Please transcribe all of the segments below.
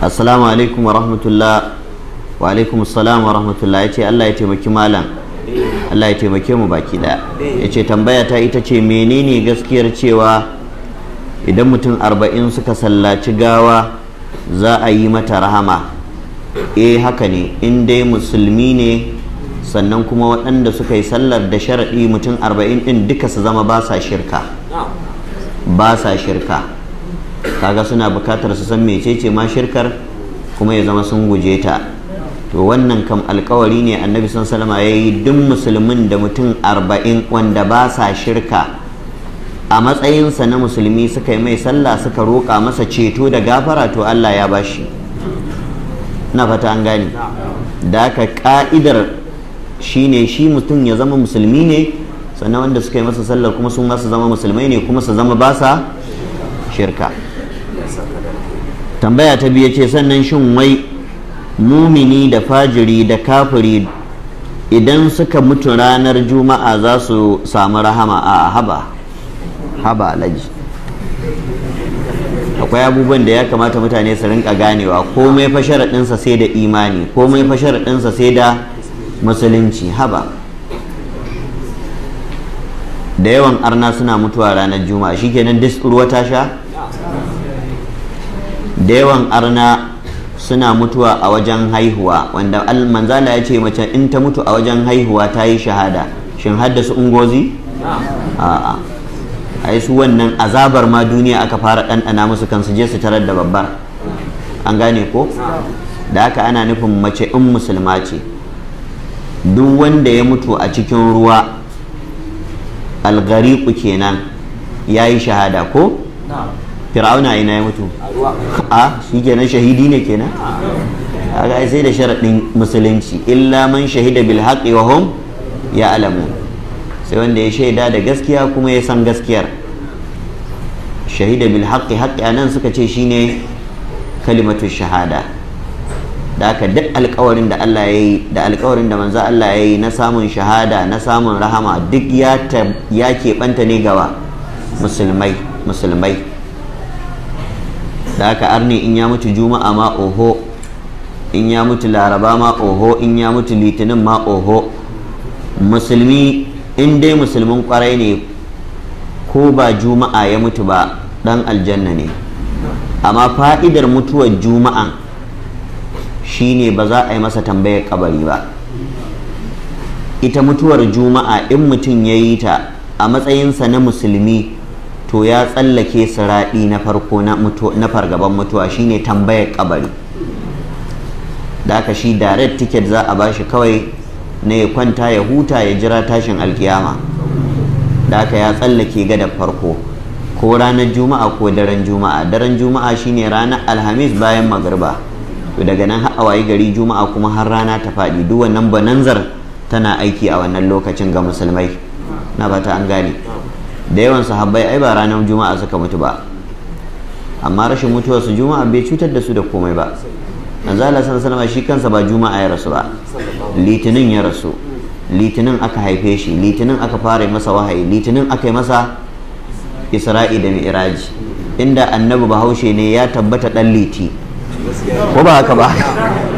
assalamu alaikum wa rahmatullah wa alaikum assalam wa rahmatullah ce Allah ya taimaki malam Allah ya taimake mu baki da ce tambaya ta ita ce menene gaskiyar cewa idan mutum arba'in suka sallaci gawa za a yi mata rahama eh haka ne in dai musulmi ne sannan kuma waɗanda suka yi sallar da sharaɗi mutum arba'in ɗin duka su zama ba sa shirka ba sa shirka kaga suna bukatar su san mecece ma shirkar kuma ya zama sun guje ta to wannan kam alkawari ne annabi sun salama ya yi duk musulmin da mutum arba'in wanda ba sa shirka a matsayinsa na musulmi suka yi mai sallah suka roƙa masa ceto da gafara to allah ya bashi na fata an gane da aka ka'idar shine shi mutum ya zama musulmi ne sannan wanda suka yi masa sallar kuma sun masu zama musulmai ne kuma su zama ba sa shirka tambaya ta biyu ce sannan shin wai mumini da fajiri da kafiri idan suka mutu ranar juma'a za su samu rahama a haba haba alaji akwai abubuwan da ya kamata mutane su rinka ganewa komai fa sharaɗinsa sai da imani komai fa sharaɗinsa sai da musulunci haba da yawan arna suna mutuwa ranar juma'a shi shikenan duk ruwa ta sha da yawan arna suna mutuwa a wajen haihuwa wanda manzala ya ce mace in ta mutu a wajen haihuwa ta yi shahada shin haddasa ungozi a'a yi su wannan azabar ma duniya aka fara ɗanɗana musu kan su je su tarar da babbar an gane ko da haka ana nufin mace in musulma ce duk wanda ya mutu a cikin ruwa algariku kenan ya yi shahada ko fir'auna ina ya mutu a shi shahidi ne kenan ga sai da sharaɗin musulunci illa man shahida bil haƙi wa hum ya alamu sai wanda ya shaida da gaskiya kuma ya san gaskiyar shahida bil haƙi a nan suka ce shine kalimatun shahada da aka duk alkawarin da Allah ya yi da alkawarin da manzo Allah ya yi na samun shahada na samun rahama duk ya ya keɓanta ne gawa musulmai musulmai da aka arni in ya mutu juma'a ma oho in ya mutu laraba ma oho in ya mutu litinin ma oho musulmi in dai musulmin kwarai ne ko ba juma'a ya mutu ba dan aljanna ne amma fa'idar mutuwar juma'an shine ba za a yi masa tambayar kabari ba ita mutuwar juma'a in mutum ya yi ta a matsayinsa na musulmi to ya tsallake siraɗi na farko na fargaban mutuwa shine tambayar kabari da aka shi direct ticket za a bashi kawai na ya kwanta ya huta ya jira tashin alkiyama da aka ya tsallake gada farko ko ranar juma'a ko daren juma'a daren juma'a shine ranar alhamis bayan magarba to daga nan har awayi gari juma'a kuma har rana ta faɗi duk wannan bananzar tana aiki a wannan lokacin ga musulmai na bata an gane da yawan sahabbai ai ba ranar juma'a suka mutu ba amma rashin mutuwar su juma'a bai cutar da su da komai ba manzala sallallahu shi kansa ba juma'a ya rasu ba litinin ya rasu litinin aka haife shi litinin aka fara masa wahayi litinin aka yi masa isra'i da mi'raji inda annabi bahaushe ne ya tabbata dan liti ko ba haka ba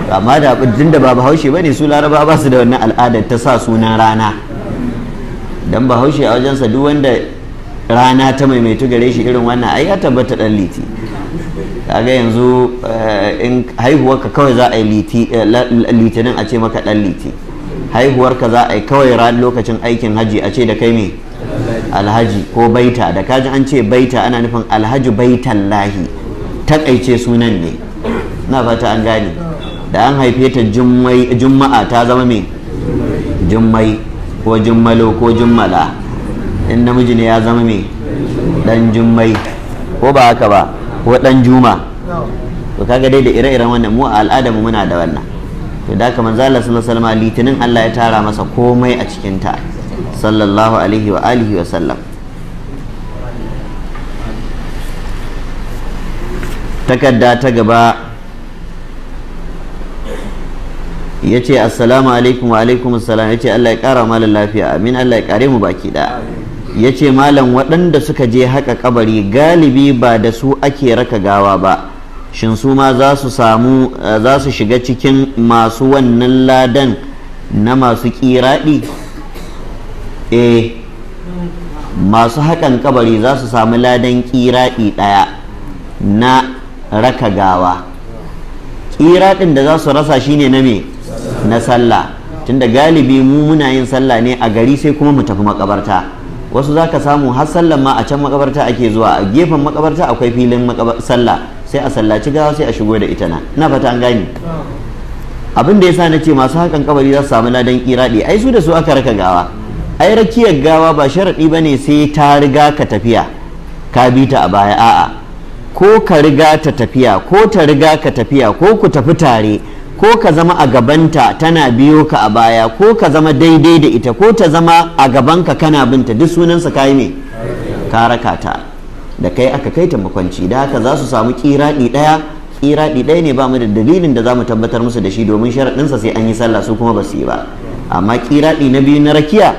amma da abin da ba bahaushe bane su laraba ba su da wannan al'adar ta sa sunan rana dan bahaushe a wajensa duk wanda rana ta maimaitu gare shi irin wannan ai ya tabbata dan liti kaga yanzu eh, in haihuwarka kawai za a yi eh, litinin a ce maka dan liti haihuwarka za a yi kawai ran lokacin aikin haji a ce da kai me alhaji ko baita da kaji an ce baita ana nufin alhaji baitan lahi takaice sunan ne na fata an gane da an haife ta juma'a ta zama me jummai ko jummalo ko jummala in namiji ne ya zama mai dan jummai ko ba haka ba ko dan juma to kaga dai da ire-iren wannan mu a al'adamu muna da wannan to da kamar zalla sallallahu alaihi litinin Allah ya tara masa komai a cikin ta sallallahu alaihi wa alihi wa sallam takarda ta gaba ya ce assalamu alaikum wa alaikum assalam ya ce Allah ya kara malar lafiya amin Allah ya kare mu baki da ya ce malam waɗanda suka je haka kabari galibi ba da su ake raka gawa ba shin su ma za su shiga cikin masu wannan ladan na masu kiraɗi eh masu haƙan kabari za su samu ladan kiraɗi ɗaya na raka gawa kiraɗin da za su rasa shine na me na sallah tunda galibi mu muna yin sallah ne a gari sai kuma mu tafi makabarta wasu za ka samu har sallan ma a can makabarta ake zuwa a gefen makabarta akwai filin sallah sai a sallaci gawa sai a shigo da ita na na fata an gani abin da yasa ce masu hakan kabari za su samu ladan kiradi ai su da su aka raka gawa ai rakiyar gawa ba sharadi ne sai ta riga ka tafiya ka bi ta a baya a'a ko ka riga ta tafiya ko ta riga ka tafiya ko ku tafi tare ko ka zama a gabanta tana biyo ka a baya ko ka zama daidai da ita ko ta zama a gabanka kana binta duk sunansa kayi me ka rakata. da kai aka kai ta makwanci da haka za su samu kiraɗi ɗaya kiraɗi ɗaya ne ba mu da dalilin da za mu tabbatar musu da shi domin sharaɗinsa sai an yi sallah su kuma ba su yi ba amma kiraɗi na biyu na rakiya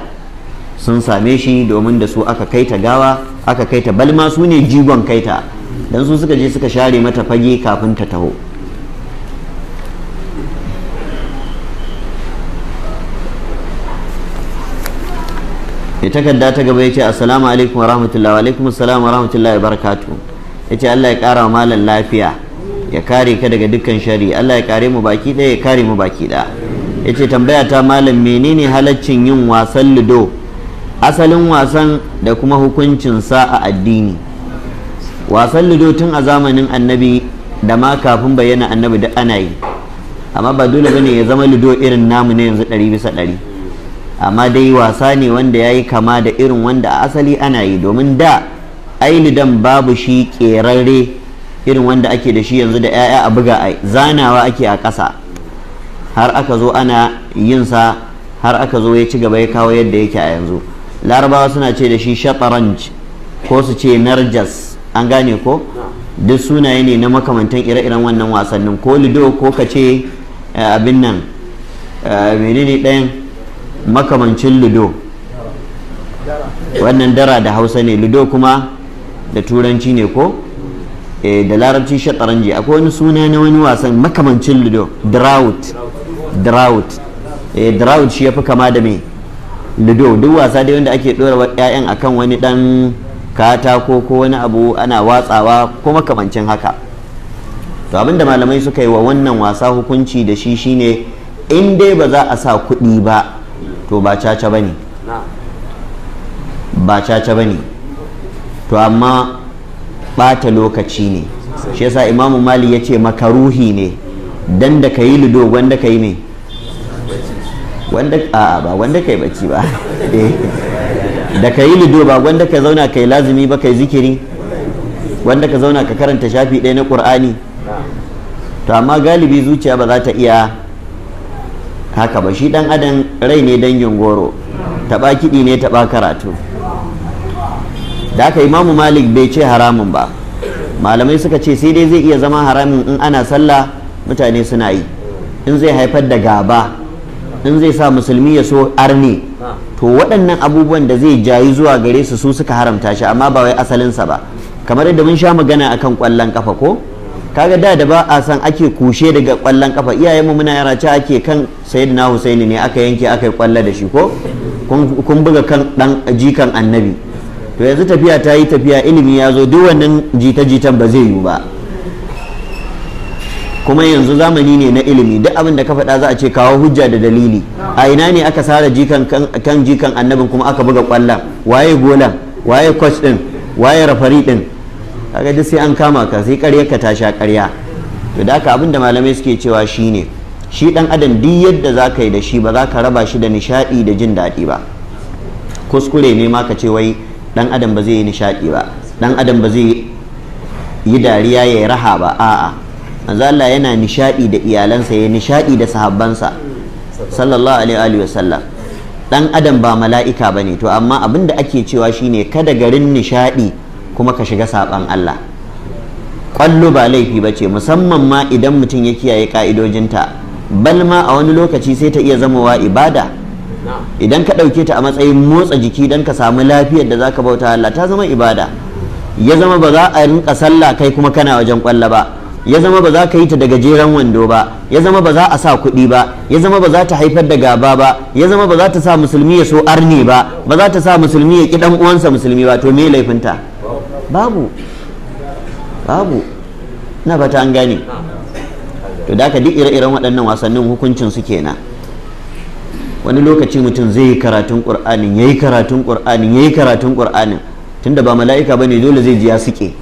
sun same shi domin da su aka kai ta gawa aka kai ta balma su ne jigon kai ta don su suka je suka share mata fage kafin ta taho ya takarda ta gaba yace assalamu alaikum wa rahmatullahi wa alaikum assalam wa rahmatullahi wa ya yace Allah ya kara malam lafiya ya kare ka daga dukkan shari Allah ya kare mu baki ɗaya ya kare mu baki ɗaya yace tambaya ta malam menene halaccin yin wasan ludo asalin wasan da kuma hukuncin sa a addini wasan ludo tun a zamanin annabi da ma kafin bayyana annabi da ana yi amma ba dole bane ya zama ludo irin namu ne yanzu ɗari bisa ɗari amma dai wasa ne wanda ya yi kama da irin wanda a asali ana yi domin da ainihin babu shi ƙerarre irin wanda ake da shi yanzu da 'ya'ya a buga a zanawa ake a ƙasa har aka zo ana yin sa har aka zo ya ci gaba ya kawo yadda yake a yanzu larabawa suna ce da shi shataranj ko su ce narjas an gane ko duk sunaye ne na makamantan ire-iren wannan wasannin ko lido ko ka ce eh, abin nan eh, menene ɗayan makamancin ludo wannan dara da hausa ne ludo kuma da turanci ne ko eh, da larabci shataranji akwai wani suna na wani wasan makamancin ludo drought drought eh, drought shi ya fi kama da mai ludo duk wasa dai wanda ake ɗora 'ya'yan kan wani ɗan katako ko wani abu ana watsawa ko makamancin haka to abinda malamai suka yi wa wannan wasa hukunci da shi shine in dai ba za a sa kuɗi ba to ba caca ba ne ba caca ba ne to amma ɓata lokaci ne shi yasa imamu mali ya ce makaruhi ne dan da ka yi lido wanda ka yi ne wanda a ba wanda ka yi bacci ba eh. da ka yi lido ba wanda ka zauna ka yi lazumi ba ka yi zikiri wanda ka zauna ka karanta shafi ɗaya na ƙur'ani to amma galibi zuciya ba za ta iya haka ba shi dan adam rai ne dangin goro taba kiɗi ne taba karatu da aka imamu malik bai ce haramun ba malamai suka ce sai dai zai iya zama haramun in ana sallah mutane suna yi in zai haifar da gaba in zai sa musulmi ya so arne to waɗannan abubuwan da zai jayi zuwa gare su su suka haramta shi amma ba wai asalinsa ba kamar yadda mun sha magana akan ƙwallon ƙafa ko kaga da da ba a san ake kushe daga kwallon kafa iyayen mu muna yara ce ake kan sayyidina husaini ne aka yanke aka yi kwalla da shi ko kun buga kan dan jikan annabi to yanzu tafiya ta yi tafiya ilimi ya zo duk wannan jita-jitan ba zai yi ba kuma yanzu zamani ne na ilimi duk abin da ka faɗa za a ce kawo hujja da dalili a ina ne aka sare jikan kan jikan annabin kuma aka buga kwallon waye golan waye coach din waye referee din kaga duk sai an kama ka sai ƙarya ka tasha ƙarya to da ka abin da malamai suke cewa shine shi dan adam duk yadda za ka yi da shi ba za ka raba shi da nishaɗi da jin daɗi ba kuskure ne ma ka ce wai dan adam ba zai yi nishaɗi ba dan adam ba zai yi dariya ya yi raha ba a'a manzo Allah yana nishaɗi da iyalansa ya nishaɗi da sahabbansa sallallahu alaihi wa sallam dan adam ba mala'ika bane to amma abinda ake cewa shine kada garin nishaɗi kuma ka shiga saban Allah Ƙwallo ba laifi ba ce musamman ma idan mutum ya kiyaye ka'idojinta bal ma a wani lokaci sai ta iya zamowa ibada idan ka ɗauke ta a matsayin motsa jiki don ka samu lafiyar da za ka bauta Allah ta zama ibada ya zama ba za a rinka sallah kai kuma kana wajen kwallo ba ya zama ba za ka yi ta da gajeren wando ba ya zama ba za a sa kuɗi ba ya zama ba za ta haifar da gaba ba ya zama ba za ta sa musulmi ya so arne ba ba za ta sa musulmi ya ƙi ɗan uwansa musulmi ba to me laifinta babu babu na bata an gane to da duk ire-iren waɗannan wasannin hukuncin su kenan wani lokaci mutum zai yi karatun ƙur'anin ya yi karatun ƙur'anin ya yi karatun ƙur'anin tunda ba mala'ika ba ne dole zai ji ya suke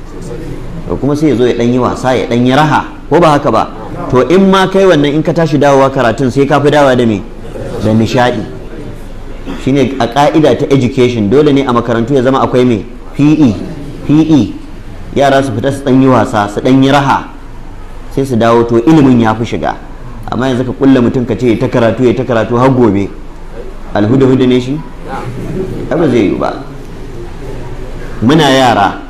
to kuma sai ya zo ya ɗan yi wasa ya ɗan yi raha ko ba haka ba to in ma kai wannan in ka tashi dawowa karatun sai ka fi dawa da me da nishaɗi shine a ƙa'ida ta education dole ne a makarantu ya zama akwai me PE pe yara su fita su ɗan yi wasa su ɗan yi raha sai su dawo to ilimin ya fi shiga amma yanzu ka kulla mutum ka ce ta karatu ya ta karatu har gobe alhuda huda ne shi ba zai yi ba muna yara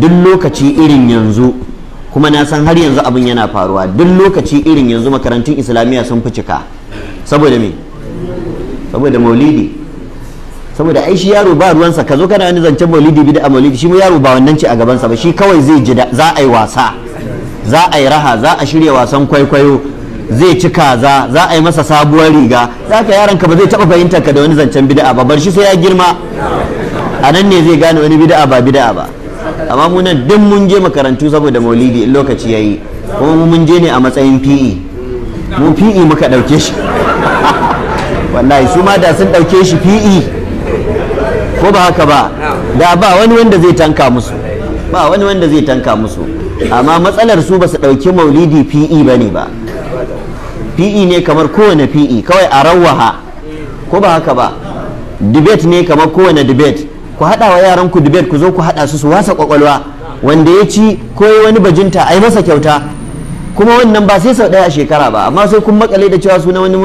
duk lokaci irin yanzu kuma na san har yanzu abin yana faruwa duk lokaci irin yanzu makarantun islamiyya sun fi cika saboda me saboda maulidi saboda ai shi yaro ba ruwansa ka zo kana wani zancen maulidi bi a maulidi shi mu yaro ba wannan ce a gabansa ba shi kawai zai ji za a yi wasa za a yi raha za a shirya wasan kwaikwayo zai ci kaza za a yi masa sabuwar riga za ka yaron ka ba zai taba fahimtar ka da wani zancen bid'a ba bar shi sai ya girma a nan ne zai gane wani bid'a ba bid'a ba amma mu nan duk mun je makarantu saboda maulidi in lokaci yayi kuma mun je ne a matsayin PE mu PE muka dauke shi wallahi su ma da sun dauke shi PE ko ba haka ba da ba wani wanda zai tanka musu ba wani wanda zai tanka musu amma matsalar su ba su ɗauki maulidi PE ba ne ba PE ne kamar kowane PE kawai a rawaha ko ba haka ba debate ne kamar kowane debate ku haɗa wa yaran ku debate ku zo ku haɗa su su wasa kwakwalwa wanda ya ci ko wani bajinta ai masa kyauta kuma wannan ba sai sau ɗaya a shekara ba amma sai kun makale da cewa suna wani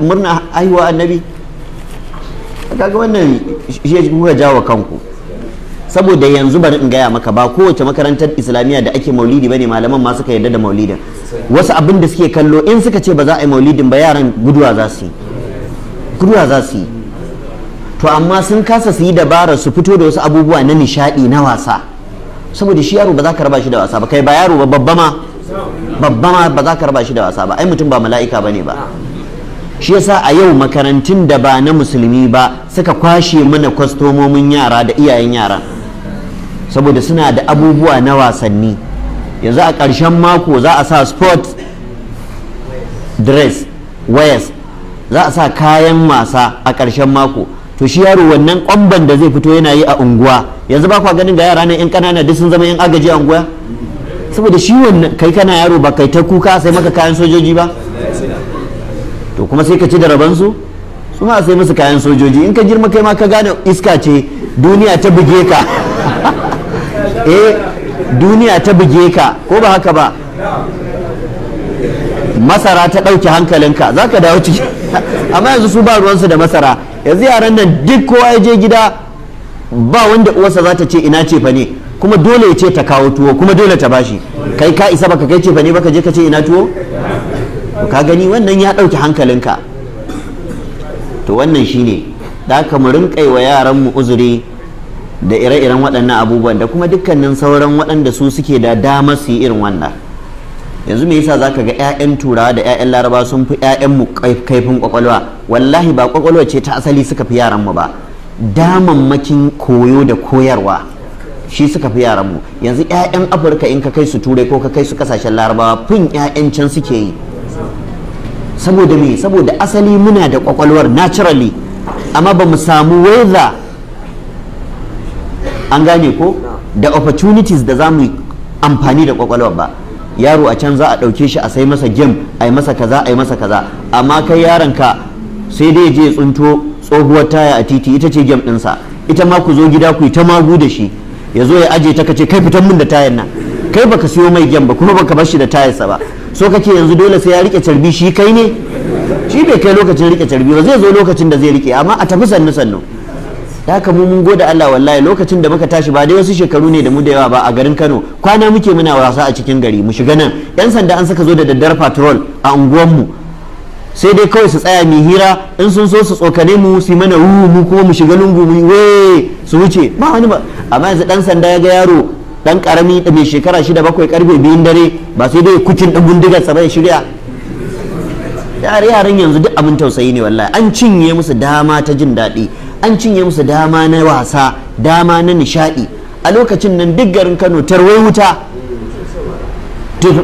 murna haihuwa annabi kaga wannan shi kuka jawo kanku saboda yanzu bari in gaya maka ba kowace makarantar islamiyya da ake maulidi bane malaman ma suka yarda da maulidin wasu abin da suke kallo in suka ce ba za a yi maulidin ba yaran guduwa za su yi guduwa za su yi to amma sun kasa su yi dabara su fito da wasu abubuwa na nishadi na wasa saboda shi yaro ba za ka raba shi da wasa ba kai ba yaro ba babba ma babba ma ba za ka raba shi da wasa ba ai mutum ba mala'ika bane ba shi yasa a yau makarantun da ba na musulmi ba suka kwashe mana kwastomomin yara da iyayen yara? saboda suna da abubuwa na wasanni yanzu a ƙarshen mako za a sa sport dress wires, za a sa kayan wasa a ƙarshen mako to shi yaro wannan ƙwamban da zai fito yana yi a unguwa yanzu ba kwa ganin ga yara na 'yan ƙanana duk sun zama 'yan agaji a unguwa saboda shi wannan kai kana yaro ba kai ta kuka sai maka kayan sojoji ba to kuma sai ka ci da rabansu su ma sai musu kayan sojoji in ka girma kai ma ka gane iska ce duniya ta buge ka eh duniya ta buge ka ko ba haka ba masara ta ɗauki hankalinka za ka dawo ciki amma yanzu su ba ruwansu da masara yanzu yaran nan duk kowa ya je gida ba wanda uwarsa za ta ce ina ce fa ne kuma dole ya ce ta kawo tuwo kuma dole ta bashi kai ka isa baka kai ce fa ne baka je ka ce ina tuwo ka gani wannan ya ɗauki hankalinka to wannan shi ne da aka mu rinƙai wa yaranmu uzuri da ire-iren waɗannan abubuwan da kuma dukkanin sauran waɗanda su suke da dama su yi irin wannan yanzu me yasa zaka ga 'ya'yan turawa da 'ya'yan laraba sun fi 'ya'yanmu kaifin kwakwalwa wallahi ba kwakwalwa ce ta asali suka fi yaranmu ba damammakin koyo da koyarwa shi suka fi yaranmu yanzu 'ya'yan afirka in ka kai su turai ko ka kai su kasashen larabawa fin 'ya'yan can suke yi saboda me saboda asali muna da kwakwalwar naturally amma ba mu samu weather an gane ko da opportunities da za mu amfani da kwakwalwar ba yaro a can za a ɗauke shi a sai masa game a yi masa kaza a yi masa kaza amma kai yaron ka sai dai je tsunto tsohuwar taya a titi ita ce game ɗinsa ita ma ku zo gida ku yi ta magu da shi ya zo ya aje ta kace kai fitan mun da tayar nan kai baka siyo mai gem ba kuma baka bar shi da tayarsa ba so kake yanzu dole sai ya rike carbi shi kai ne shi bai kai lokacin rike carbi ba zai zo lokacin da zai rike amma a tafi sannu sannu da haka mu mun gode Allah wallahi lokacin da muka tashi ba dai wasu shekaru ne da mu da yawa ba a garin Kano kwana muke muna wasa a cikin gari mu shiga nan yan sanda an saka zo da daddare patrol a unguwar mu sai dai kawai su tsaya mu hira in sun so su tsokane mu su mana wu mu kuma mu shiga lungu mu we su wuce ba wani ba amma yanzu dan sanda ya ga yaro dan karami da mai shekara shida bakwai karfe biyun dare ba sai dai kucin dan bindigar sa bai shirya yare yaran yanzu duk abin tausayi ne wallahi an cinye musu dama ta jin daɗi an cinye musu dama na wasa dama na nishaɗi a lokacin nan duk garin kano tarwai wuta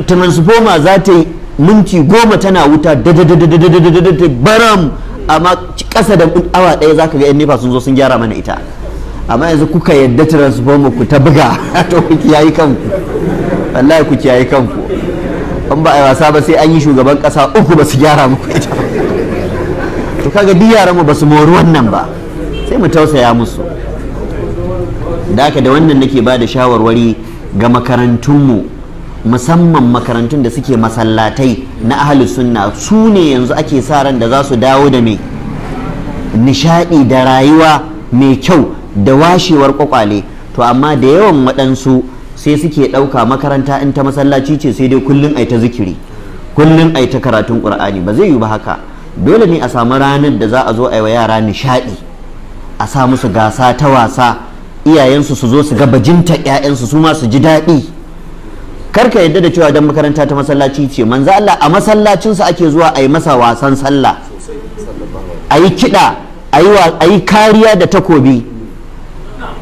transforma za ta yi minti goma tana wuta baram amma ƙasa da awa ɗaya za ka sun zo sun gyara mana ita amma yanzu kuka yadda transformer ku ta buga to ku kiyaye kanku wallahi ku kiyaye kanku an ba a wasa ba sai an yi shugaban kasa uku ba su gyara muku ita to kaga duk yaran mu ba su mori wannan ba sai mu tausaya musu da haka da wannan nake ba da shawarwari ga makarantunmu musamman makarantun da suke masallatai na ahalus sunna su ne yanzu ake sa ran da za su dawo da me nishadi da rayuwa mai kyau da washewar kwakwale to amma da yawan waɗansu sai suke ɗauka makaranta in ta masallaci ce sai dai kullum ai ta zikiri kullum ai ta karatun ƙur'ani ba zai yi ba haka dole ne a samu ranar da za a zo a yi wa yara nishaɗi a sa musu gasa ta wasa iyayensu su zo su ga bajinta 'ya'yansu su ma su ji daɗi Kar ka yadda da cewa dan makaranta ta masallaci ce manzo Allah a masallacinsa ake zuwa a yi masa wasan sallah a yi kiɗa a yi kariya da takobi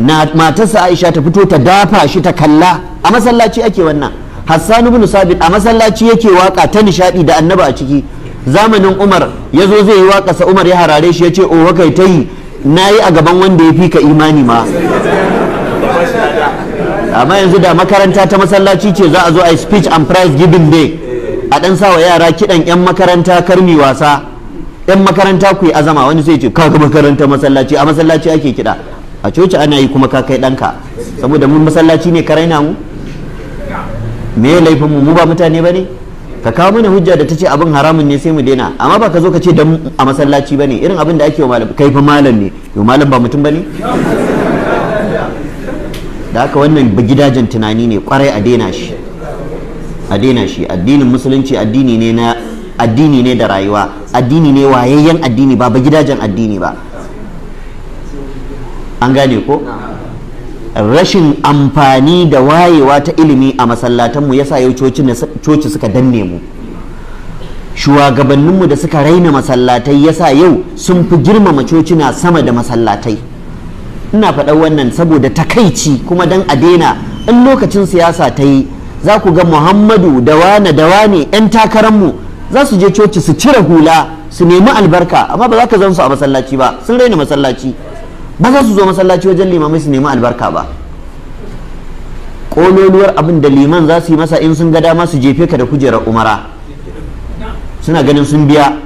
na matarsa aisha ta fito ta dafa shi ta kalla a masallaci ake wannan hassan ibn sabit a masallaci yake waka ta nishadi da annaba a ciki zamanin umar ya zo zai yi waka sa umar ya harare shi ya ce o kai ta yi na a gaban wanda ya fi ka imani ma amma yanzu da makaranta ta masallaci ce za a zo a speech and prize giving day a dan sawa yara kiɗan 'yan makaranta karmi wasa 'yan makaranta ku yi azama wani sai ce kaga makaranta masallaci a masallaci ake kiɗa a coci ana yi kuma ka kai ɗanka saboda mun masallaci ne ka raina mu me ya laifin mu mu ba mutane ba ne ka kawo mana hujja da ta ce abin haramun ne sai mu daina amma ba ka zo ka ce dan a masallaci ba ne irin abin da ake wa malam kai fa malam ne yo malam ba mutum ba ne da haka wannan gidajen tunani ne kwarai a daina shi a daina shi addinin musulunci addini ne na addini ne da rayuwa addini ne wayayyen addini ba ba gidajen addini ba an gane ko rashin amfani da wayewa ta ilimi a masallatanmu yasa yau coci suka danne mu shugabanninmu da suka raina masallatai yasa yau sun fi girmama na sama da masallatai ina faɗa wannan saboda takaici kuma dan a daina in lokacin siyasa ta yi za ku ga muhammadu da wane da wane 'yan takararmu za su je coci su cire hula su nemi albarka amma ba za ka zan su a masallaci ba sun raina masallaci ba za su zo masallaci wajen limamai su nemi albarka ba ƙololuwar abin da liman za su yi masa in sun gada masu su jefe ka da kujerar umara suna ganin sun biya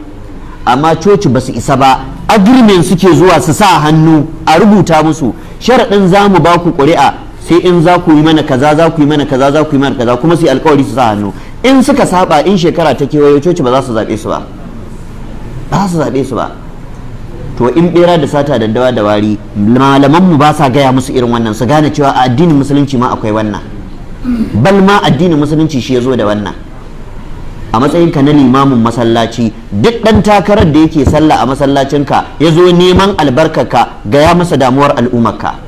amma coci ba su isa ba agirmen suke zuwa su sa hannu a rubuta musu sharaɗin za mu ba ku ƙuri'a sai in za ku yi mana kaza za ku yi mana kaza za ku yi mana kaza kuma su yi alkawari su sa hannu in suka saba in shekara ta kewayo coci ba za su zaɓe su ba ba za su zaɓe su ba to in bera da sata da dawa da wari malaman mu ba sa gaya musu irin wannan su gane cewa a addinin musulunci ma akwai wannan bal ma addinin musulunci shi ya zo da wannan a matsayin ka na limamin masallaci duk dan takarar da yake sallah a masallacinka ya zo neman albarka albarkarka gaya masa damuwar al'ummarka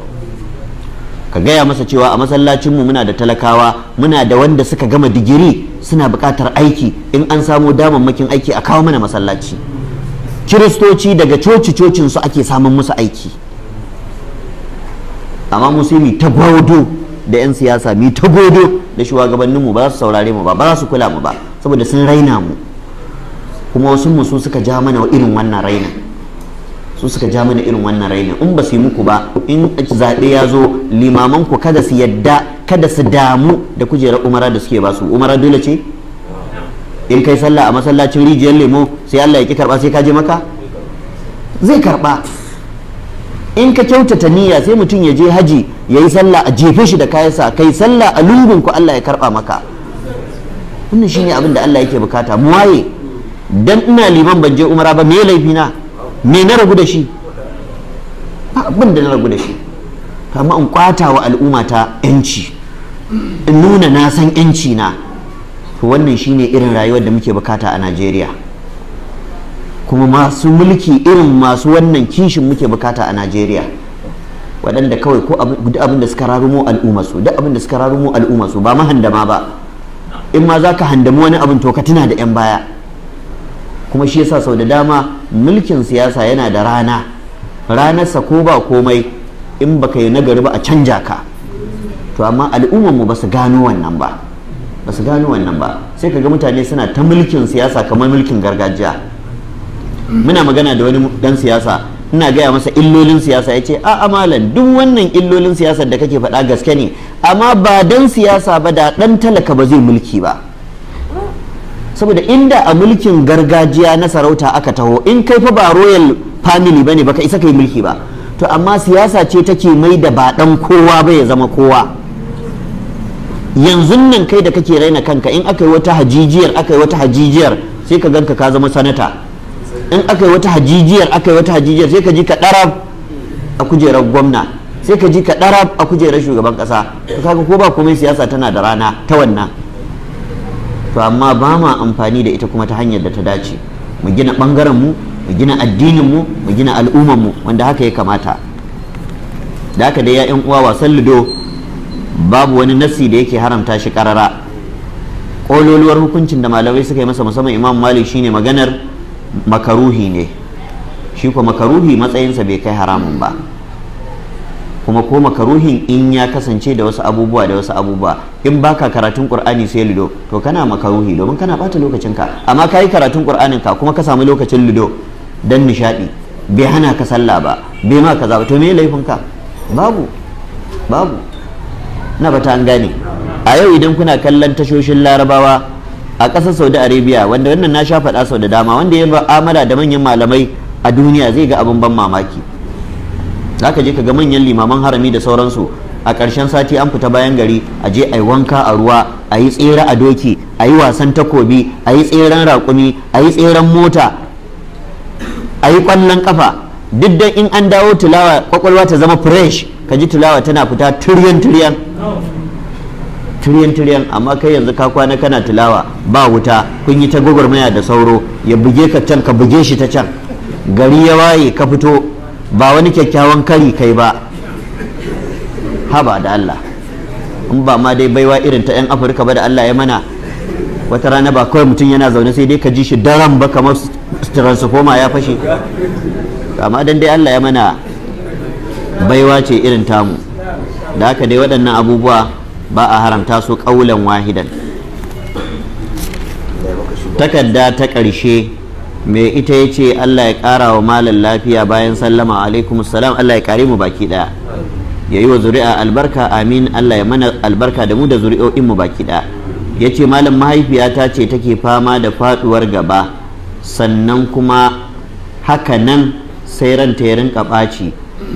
ka gaya masa cewa a masallacinmu muna da talakawa muna da wanda suka gama digiri suna buƙatar aiki in an samo damammakin aiki a kawo mana masallaci kiristoci daga coci-cocin su ake samun musu aiki amma musulmi ta gwado da 'yan siyasa mi ta gwado da mu ba za su saurare mu ba ba su kula mu ba saboda sun raina mu kuma wasu musu suka ja mana irin wannan raina su suka ja mana irin wannan raina in ba su yi muku ba in zaɓe ya zo limaman ku kada su yadda kada su damu da kujerar umara da suke ba su umara dole ce in kai sallah a masallacin rijiyar lemo sai Allah ya ki karba sai ka je maka zai karba in ka kyautata niyya sai mutum ya je haji ya yi sallah a jefe shi da kayansa kai sallah a lungun ku Allah ya karba maka wannan shine abin da Allah yake bukata mu waye dan ina liman ban je umara ba me laifi na me na ragu da shi abin da na ragu da shi amma in kwata wa al'umma ta yanci in nuna na san yanci na to wannan shine irin rayuwar da muke bukata a najeriya kuma masu mulki irin masu wannan kishin muke bukata a najeriya waɗanda kawai ko duk abin da suka rarumo al'umma su duk abin da suka rarumo al'umma su ba mahandama ba in ma za ka handami wani abin to ka tuna da 'yan baya kuma shi yasa sau da dama mulkin siyasa yana da rana ranarsa ko ba komai in baka yi nagari ba a canja ka to amma al'ummar mu ba su gano wannan ba ba su gano wannan ba sai kaga mutane suna ta mulkin siyasa kamar mulkin gargajiya muna magana da wani dan siyasa ina gaya masa illolin siyasa ya ce a amalan duk wannan illolin siyasar da kake faɗa gaske ne amma ba dan siyasa ba da dan talaka ba zai mulki ba saboda inda a mulkin gargajiya na sarauta aka taho in kai fa ba royal family bane baka isa kai mulki ba to amma siyasa ce take mai da ba dan kowa ba ya zama kowa yanzu nan kai da kake raina kanka in aka yi wata hajijiyar aka yi wata hajijiyar sai ka ganka ka zama sanata in aka yi wata hajijiyar aka yi wata hajijiyar sai ka ji ka ɗarab a kujerar gwamna sai ka ji ka ɗarab a kujerar shugaban kasa to kaga ko ba komai siyasa tana da rana ta wannan to amma ba ma amfani da ita kuma ta hanyar da ta dace mu gina ɓangaren mu mu gina addinin mu mu gina al'ummar mu wanda haka ya kamata da haka dai ya uwa wasan lido babu wani nasi da yake haramta shi karara ƙololuwar hukuncin da malamai suka yi masa musamman imam malik shine maganar makaruhi ne shi ko makaruhi matsayinsa bai kai haramun ba kuma ko makaruhin in ya kasance da wasu abubuwa da wasu abubuwa in baka karatun qur'ani sai lido to kana makaruhi domin kana bata lokacinka amma kayi karatun qur'anin ka kuma ka samu lokacin lido dan nishadi bai hana ka sallah ba bai ma kaza ba to me laifin ka babu babu na fata an gane a yau idan kuna kallon tashoshin larabawa a ƙasar saudi arabia wanda wannan na sha faɗa sau da dama wanda ya amala da manyan malamai a duniya zai ga abin ban mamaki zaka je ka ga manyan limaman harami da sauransu a ƙarshen sati an fita bayan gari a je a yi wanka a ruwa a yi tsere a doki a yi wasan takobi a yi tseren raƙumi a yi tseren mota a yi ƙwallon ƙafa duk da in an dawo tulawa ƙwaƙwalwa ta zama fresh ka ji tulawa tana fita turyan turyan turiyan turiyan amma kai yanzu ka kwana kana tilawa ba wuta kun yi ta gwagwarmaya da sauro ya buge ka can ka buge shi ta can gari ya waye ka fito ba wani kyakkyawan kari kai ba haba da Allah in ba ma dai baiwa irin ta 'yan afirka ba da Allah ya mana wata rana ba kawai mutum yana zaune sai dai ka ji shi daren ba kamar transformer ya fashe amma dan dai Allah ya mana baiwa ce irin tamu da haka dai waɗannan abubuwa ba a haramta su ƙaulan wahidan takarda ta ƙarshe mai ita ya ce Allah ya ƙara wa malam lafiya bayan sallama alaikum salam Allah ya ƙare mu baki ɗaya ya yi wa zuri'a albarka amin Allah ya mana albarka da mu da zuri'o'in mu baki ɗaya ya ce malam ta ce take fama da faɗuwar gaba sannan kuma haka nan sai ranta ya rinka ɓaci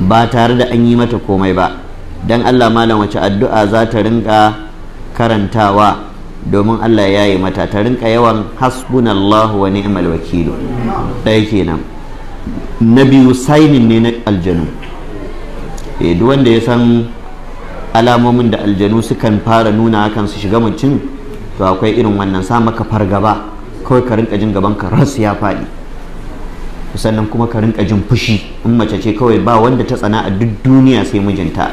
ba tare da an yi mata komai ba dan Allah malam wace addu'a za ta rinka karantawa domin Allah ya yi mata ta rinka yawan hasbunallahu wa ni'mal wakilu ɗaya kenan na biyu sainin ne na aljanu e duk wanda ya san alamomin da aljanu sukan fara nuna hakan su shiga mutum to akwai irin wannan sa maka gaba. kawai ka rinka jin gaban ka ras ya faɗi sannan kuma ka rinka jin fushi in mace ce kawai ba wanda ta tsana a duk duniya sai mijinta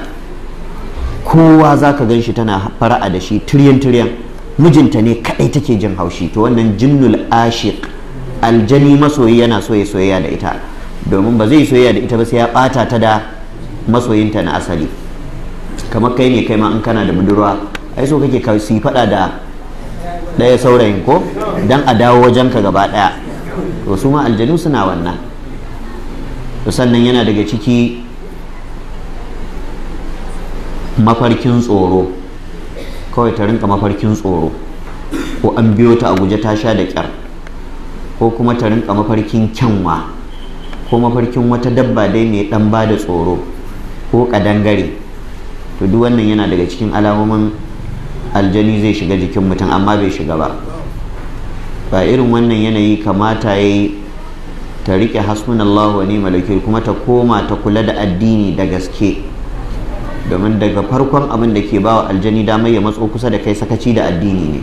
kowa za ka gan shi tana fara'a da shi tiryan tiryan mijinta ne kaɗai take jin haushi to wannan jinnul ashiq aljani masoyi yana so ya soyayya da ita domin ba zai soyayya da ita ba sai ya ɓata ta da masoyinta na asali kamar kai ne kai ma in kana da budurwa ai so kake ka su fada da ɗaya saurayin ko dan a dawo wajen ka gaba ɗaya to su ma aljanu suna wannan to sannan yana daga ciki mafarkin tsoro kawai ta rinka mafarkin tsoro ko an biyo ta a guje ta sha da kyar ko kuma ta rinka mafarkin kyanwa ko mafarkin wata dabba dai mai dan ba da tsoro ko kadangare to duk wannan yana daga cikin alamomin aljani zai shiga jikin mutum amma bai shiga ba ba irin wannan yanayi kamata ya yi ta riƙe hasbunallahu wa ni wakil kuma ta koma ta kula da addini da gaske domin daga farkon abin da ke ba wa aljani damar ya matso kusa da kai sakaci da addini ne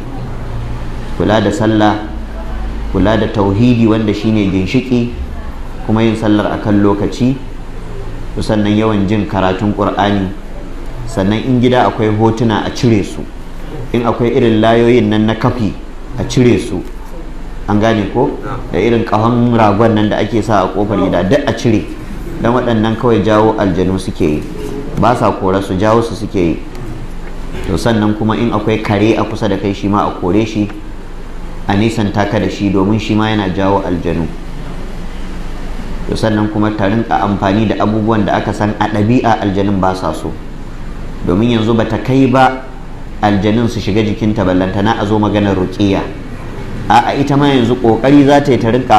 kula da sallah kula da tauhidi wanda shine ginshiki kuma yin sallar akan lokaci sannan yawan jin karatun ƙur'ani sannan in gida akwai hotuna a cire su in akwai irin layoyin nan na kafi a cire su an gane ko da irin kahon ragon nan da ake sa a kofar gida duk a cire don waɗannan kawai jawo aljanu suke yi ba sa kora su jawo su suke yi to sannan kuma in akwai kare a kusa da kai shi ma a kore shi a nisan taka da shi domin shi ma yana jawo aljanu to sannan kuma tarin a amfani da abubuwan da aka san a ɗabi'a aljanun ba sa so domin yanzu ba ta kai ba aljanun su shiga jikinta na a zo maganar ruƙiya a'a ita ma yanzu ƙoƙari za ta yi ta rinka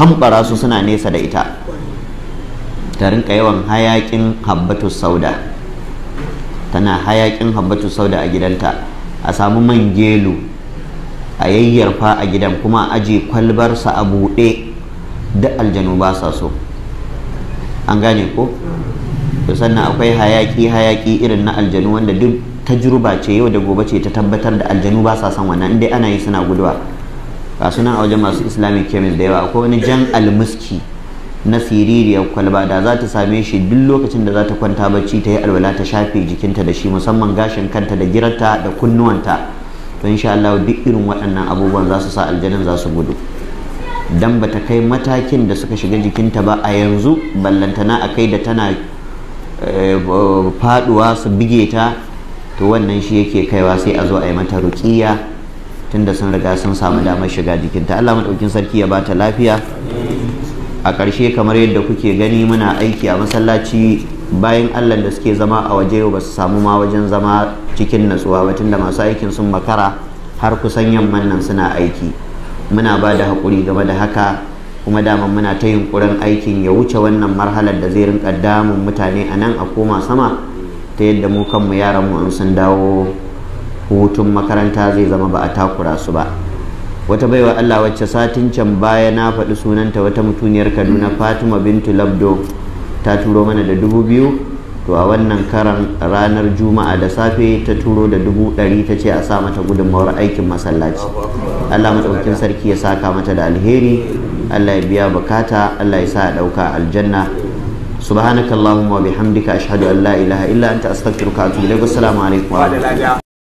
hamɓara su suna nesa da ita ta rinka yawan hayakin habbatu sauda tana hayakin habbatu sauda a gidanta a samu man gelu a yayyarfa a gidan kuma aje kwalbarsa a buɗe da aljanu ba sa so an gane ko to sannan akwai hayaki hayaki irin na aljanu wanda duk tajruba ce yau da gobe ce ta tabbatar da aljanu ba sa son wannan indai ana yi suna guduwa ga sunan a wajen masu islamic chemist da yawa akwai wani jan almuski na siririyar kwalba da za ta same shi duk lokacin da za ta kwanta bacci ta yi alwala ta shafe jikinta da shi musamman gashin kanta da girarta da kunnuwanta to insha Allah duk irin waɗannan abubuwan za su sa aljanin za su gudu dan ba ta kai matakin da suka shiga jikinta ba a yanzu ballantana a kai da tana eh, faduwa su bige ta to wannan shi yake kaiwa sai a zo a yi mata ruƙiya tunda sun riga sun samu damar shiga jikinta Allah madaukin sarki ya bata lafiya a ƙarshe kamar yadda kuke gani muna aiki a masallaci bayan allah da suke zama a waje ba su samu ma wajen zama cikin natsuwa ba tunda masu aikin sun makara har kusan yamman nan suna aiki muna ba da haƙuri game da haka kuma daman muna ta yunkurin aikin ya wuce wannan marhalar da zai rinka damun mutane a nan a koma sama ta yadda mu kanmu yaranmu in sun dawo hutun makaranta zai zama ba a takura su ba wata baiwa Allah wacce satin can baya na faɗi sunanta wata mutuniyar Kaduna Fatima bintu Labdo ta turo mana da dubu biyu to a wannan karan ranar Juma'a da safe ta turo da dubu ɗari ta ce a sa mata gudunmawar aikin masallaci Allah maɗaukakin sarki ya saka mata da alheri Allah ya biya bukata Allah ya sa a ɗauka aljanna subhanakallahumma wa bihamdika ashhadu an la ilaha illa anta astaghfiruka wa atubu ilaik assalamu alaikum wa